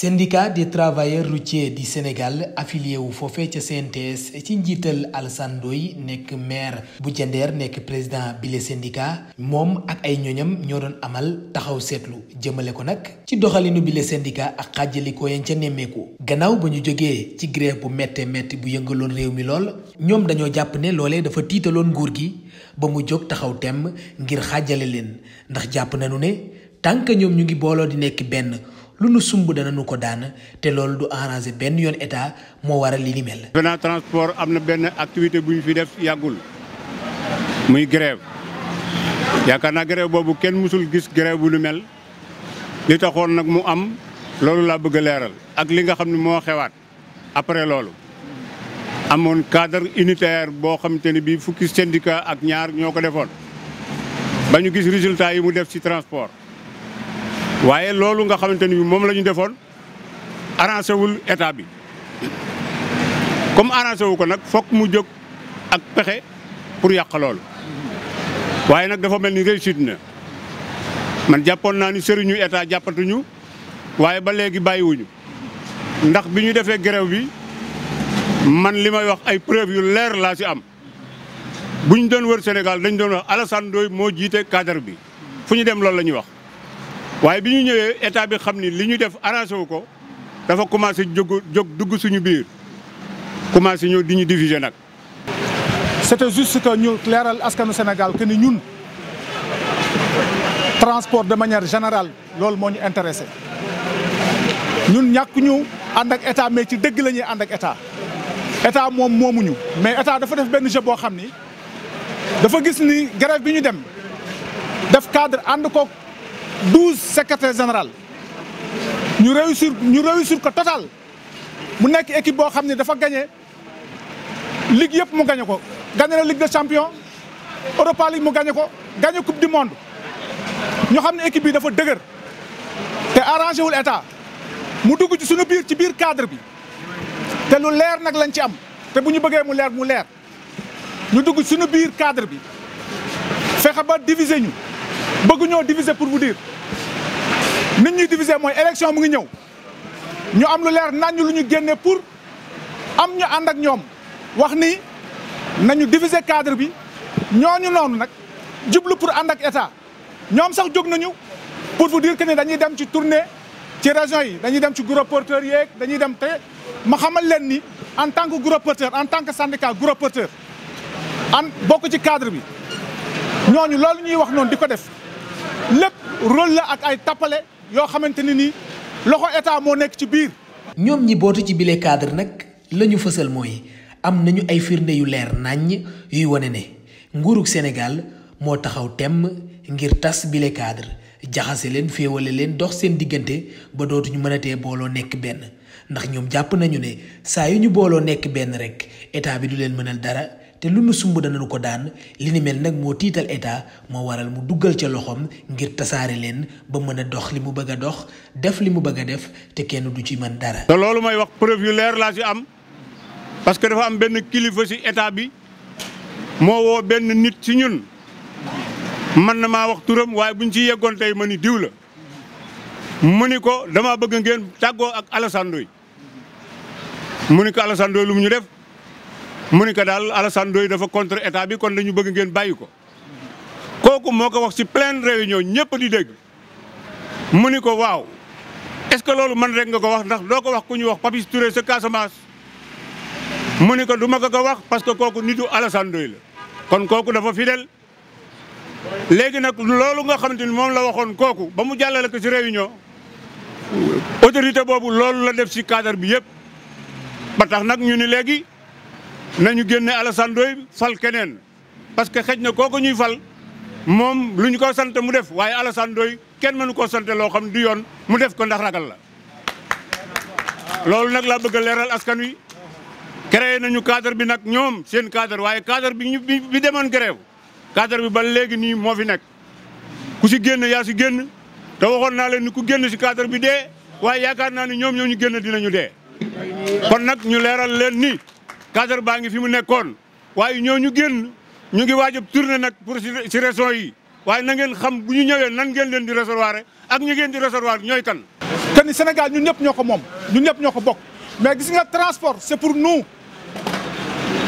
syndicat des travailleurs routiers du Sénégal affilié au fofé ci CNTS ci njital Alassane Doy nek maire bu Diender nek président bile syndicat mom ak ay ñoñam ñoo doon amal taxaw setlu jëmele ko nak ci doxalinu bile syndicat ak ko yeen ca nemeku gannaaw bu ñu joggé ci grève bu metté metti bu yëngaloon réew mi lool ñom dañoo japp né lolé dafa tiitaloon nguur gi ba mu jog taxaw temm ngir xaajale leen ndax japp nañu né tank ñom ñu ngi bolo di nek benn lu nu sumb dana nu ko daan te loolu du arrangé benn yoon état moo waral li ni mel. venant transport am na benn activité bu ñu fi def yàggul muy grève yaakaar naa grève boobu kenn mësul gis grève bu lu mel li taxoon nag mu am loolu laa bëgg a leeral ak li nga xam ne moo xewaat après loolu. amoon cadre unitaire boo xamante ne bii fukki syndicat ak ñaar ñoo ko defoon ba ñu gis résultat yi mu def ci transport. waaye loolu nga xamante ni moom la defoon arrangé wul état bi comme arrangé wu ko nag foog mu jóg ak pexe pour yàq loolu waaye nag dafa mel ni siid na man jàppoon naa ni sëriñu état jàppatuñu waaye ba léegi bàyyiwuñu ndax bi ñu defee grève bi man li may wax ay preuve yu leer laa ci am bu ñu doon wër Sénégal dañ doon wax Alassane Ndoye moo jiite cadre bi fu ñu dem loolu la ñuy wax. C'est bi que nous état bi Nous avons def arrangé wu commencé juste que ñu nous askanu Sénégal que nous ñun transport de manière générale loolu moo Nous intéressé ñun ñàkk ñu nous état mais ci dëgg nous avons ak état état mais état dafa def jeu dafa gis ni grève bi ñu cadre un ko 12 secrétaires général Nous réussir ñu total mu équipe qui ligue gagné gagné la ligue des champions Europa League gagné gagné coupe du monde Nous, avons équipe bi dafa l'État. arrangé wul état mu dugg cadre bi lu de Nous avons am gagné Nous, cadre bi diviser nous ñoo diviser pour vous dire Nous ñuy diviser nous élection mu ngi Nous ñu am lu Nous pour am ñu Nous ak cadre bi Nous Nous pour ak état Nous sax pour vous dire que nous dañuy tourner ci tournée ci région yi dañuy dem ci gros porteur Je dañuy dem en tant que gros porteur en tant que syndicat nous porteur an cadre bi fait ñuy nous lépp rôle la ak ay tappale yoo xamante ni nii loxo état moo nekk ci biir. ñoom ñi bootu ci bile cadre nag la ñu fësal mooy am nañu ay firnde yu leer naññ yuy wane ne nguurug Sénégal moo taxaw temm ngir tas bile cadre jaxase leen féewale leen dox seen diggante ba dootuñu mënatee booloo nekk benn ndax ñoom jàpp nañu ne saa yu ñu booloo nekk benn rek état bi du leen mënal dara. te lu nu sumb danañu ko daan li ni mel nag moo tiital état moo waral mu duggal ca loxom ngir tasaare leen ba mën a dox li mu bëgg a dox def li mu bëgg a def te kenn du ci man dara. te loolu may wax preuve yu leer laa si am parce que dafa am benn kilifa si état bi moo woo benn nit si ñun man na maa wax turam waaye buñ ci yeggoon tey ma ni diw la mu ni ko dama bëgg ngeen tàggoo ak Alassane mu ni ko lu mu ñu def. mu ni ko daal Alassane dafa contre état bi kon dañu bëgg ngeen bàyyi ko kooku moo ko wax si pleine réunion ñëpp di dégg mu ni ko waaw est-ce que loolu man rek nga ko wax ndax doo ko wax ku ñu wax Papis Touré sa Casamance mu ni ko du ma ko ko wax parce que kooku nitu Alassane Ndoye la kon kooku dafa fidèle léegi nag loolu nga xamante ni moom la waxoon kooku ba mu jàllale ko ci réunion autorité boobu loolu la def si cadre bi yëpp ba tax nag ñu ni léegi nañu génné Alassane doy fal kenen, parce que xejna koko ñuy fal mom luñ ko sant mu def waye Alassane doy kenn mënu ko sant lo xam du yoon mu def ko ndax ragal la lool nak la bëgg léral askan wi créé nañu cadre bi nak ñom seen cadre waye cadre bi bi demoon grève cadre bi ba légui ni mo fi nekk ku si génn ya ci génn da waxon na leen ni ku génn si cadre bi dé waye yaakaar na ni ñom ñoo ñu génn dinañu dé kon nak ñu léral leen ni cadre baa ngi fi mu nekkoon waaye ñoo ñu génn ñu ngi waaj a tourné nag pour ci régions yi waaye na ngeen xam bu ñu ñëwee nangeen leen di recevoir ak ñu ngeen di recevoir ñooy kan. te ni Sénégal ñun ñëpp ñoo ko moom ñun ñëpp ñoo ko bokk mais gis nga transport c'est pour nous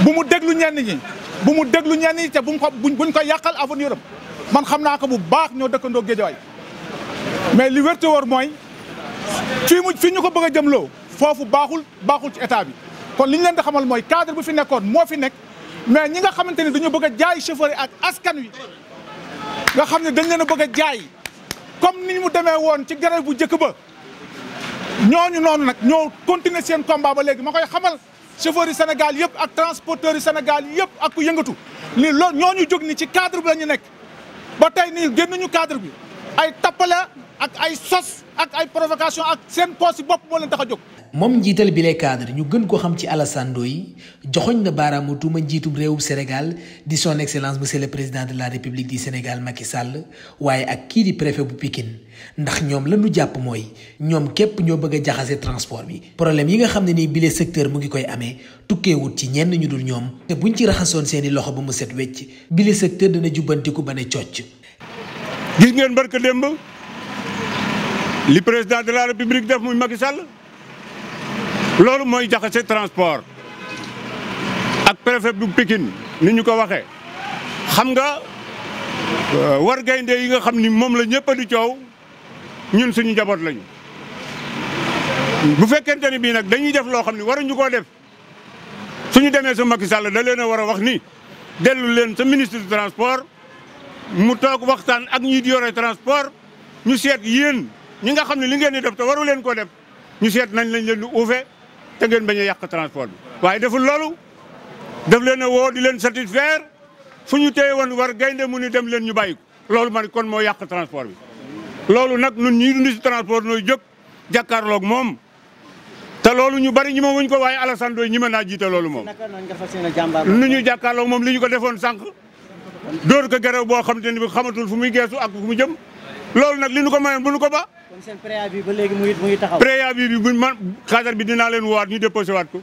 bu mu déglu ñenn ñi bu mu déglu ñenn ñi te bu mu ko buñ ko yàqal avenir am man xam naa ko bu baax ñoo dëkkandoo Guédiawaye mais li wérte woor mooy fii mu fi ñu ko bëgg a jëmloo foofu baaxul baaxul ci état bi. kon li ñu leen di xamal mooy cadre bu fi nekkoon moo fi nekk mais ñi nga xamante ni dañu bëgg a jaay chauffeur yi ak askan wi nga xam ne dañ leen a bëgg a jaay comme ni mu demee woon ci grève bu njëkk ba ñooñu noonu nag ñoo continuer seen combat ba léegi ma koy xamal chauffeur yi Sénégal yëpp ak transporteur yi senegal yëpp ak ku yëngatu ni ñoo ñu jóg ni ci cadre bi la ñu nekk ba tey nii génnuñu cadre bi ay tappale ak ay sos provocation ak seen poos si bopp moo leen tax a jóg. moom njiital bi les cadres ñu gën ko xam ci Alassane Ndoye joxoñ na baaraamu tuuma njiitum réewum Sénégal di son excellence monsieur le président de la république du Sénégal Macky Sall waaye ak kii di préfet bu Pikine ndax ñoom la ñu jàpp mooy ñoom képp ñoo bëgg a jaxase transport bi. problème yi nga xam ne nii bile secteur mu ngi koy amee tukkeewut ci ñenn ñu dul ñoom te buñ ci raxasoon seeni loxo ba mu set wecc bile secteur dana jubbantiku ba ne cocc. gis ngeen démb li président de la république def muy Macky Sall lolu moy jaxé transport ak préfet bu Pékin ni ñu ko waxé xam nga euh, war gaynde yi nga xamni ni la ñëpp di ciow ñun suñu jabot lañ bu fekkente ni bi nak dañuy def lo xamni waru ñu ko def suñu démé su Macky Sall da leena a wax ni delu leen sa ministre du transport mu tok waxtan ak ñi di yoré transport ñu sét yeen ñi nga xam ne li ngeen di def te waru leen koo def ñu seet nañ lañ leen di uufe te ngeen bañ a yàq transport bi. waaye deful loolu def leen a woo di leen satisfaire fu ñu téye woon war gaynde mu ni dem leen ñu bàyyi ko loolu man kon moo yàq transport bi. loolu nag ñun ñii dund si transport nooy jóg jàkkaarloog moom te loolu ñu bari ñi ma wuñ ko waaye Alassane Ndoye ñi mën naa jiite loolu moom. nu ñu jàkkaarloog moom li ñu ko defoon sànq. dóor ko gerew boo xam te ne xamatul fu muy geesu ak mu jëm. loolu nag li nu ko mayoon bu nu ko ba. kon seen bi ba léegi mu ngi bi buñ man cadre bi dinaa leen woowaat ñu déposé waat ko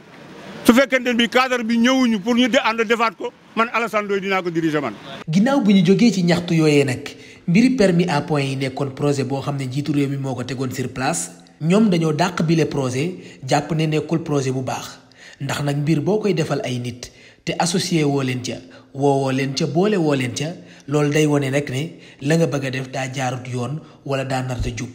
su fekkente bi cadre bi ñëwuñu pour ñu de ànd defaat ko man Alassane Ndoye dinaa ko diriger man. ginnaaw bu ñu jógee ci ñaxtu yooyee nag mbiri permis à point yi nekkoon projet boo xam ne jiitu réew mi moo ko tegoon sur place ñoom dañoo dàq bile projet jàpp ne nekkul projet bu baax ndax nag mbir boo koy defal ay nit te associé woo leen ca woowoo leen ca boole woo leen ca. loolu day wone rek ne la nga bëgg a def daa jaarut yoon wala daa narta jub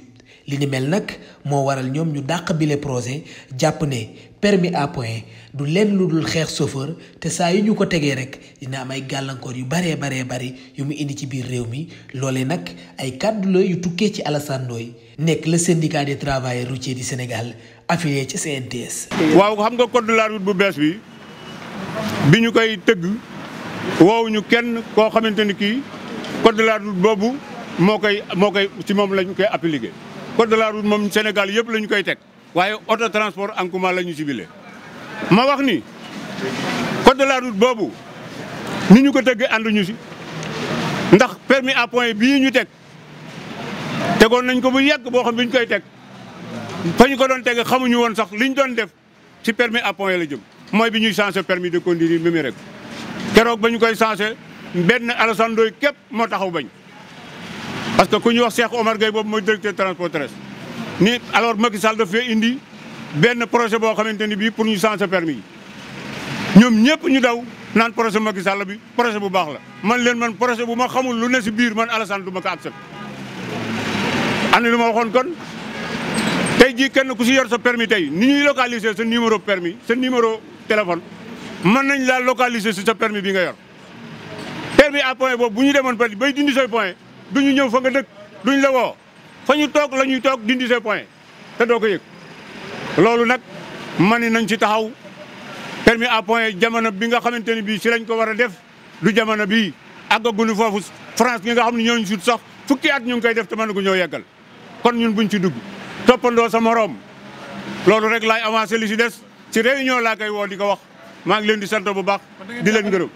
li ni mel nag moo waral ñoom ñu dàq bile projet jàpp ne permis à point du lenn lu dul xeex chauffeur te saa yu ñu ko tegee rek dina am ay gàllankoor yu baree baree bari yu mu indi ci biir réew mi loole nag ay kàddu la yu tukkee ci Alassane Ndoye nekk le syndicat des travailleurs routiers di Sénégal affilié ci CNTS. waaw xam nga code de la bu bees bi bi ñu koy tëgg. woowuñu kenn koo xamante ni kii code de la route boobu moo koy moo koy ci moom la koy appliqué. code de la route moom Sénégal yëpp lañu koy teg waaye auto transport en commun la ñu ciblé ma wax ni code la route boobu ni ñu ko tëggee ànduñu si ndax permis à point bii ñu teg tegoon nañ ko bu yàgg boo xam bi ñu koy teg fa ñu ko doon tege xamuñu woon sax li ñu doon def ci permis à point la jëm mooy bi ñuy changé permis de conduire rek keroog ba ñu koy changé benn Alassane Ndoye képp moo taxaw bañ parce que ku ñu wax Cheikh Omar Gueye boobu mooy directeur transport terrestre ni alors Macky Sall fee indi benn projet boo xamante ni bii pour ñu changé permis yi ñoom ñëpp ñu daw naan projet Macky Sall bi projet bu baax la man leen man projet bu ma xamul lu ne si biir man Alassane du ma ko accepté ana lu ma waxoon kon tey jii kenn ku si yor sa permi tey ni ñuy localiser sa numéro permis sa numéro téléphone mën nañu laa localiser si sa permis bi nga yor permis à point boobu bu ñu demoon peut bay dindi say point du ñu ñëw fa nga dëkk duñ la woo fa ñu toog la ñuy toog dindi say point te doo ko yëg loolu nag mani nañ ci taxaw permis à point jamono bi nga xamante ni bii si lañ ko war a def du jamono bii àggaguñu foofu France gi nga xam ne ñooñu sut sax fukki at ñu ngi koy def te mën gu ñoo yeggal kon ñun buñ ci dugg toppandoo sa moroom loolu rek laay avancé li si des ci réunion laa koy woo di ko wax maa ngi leen di sant bu baax di leen gërëm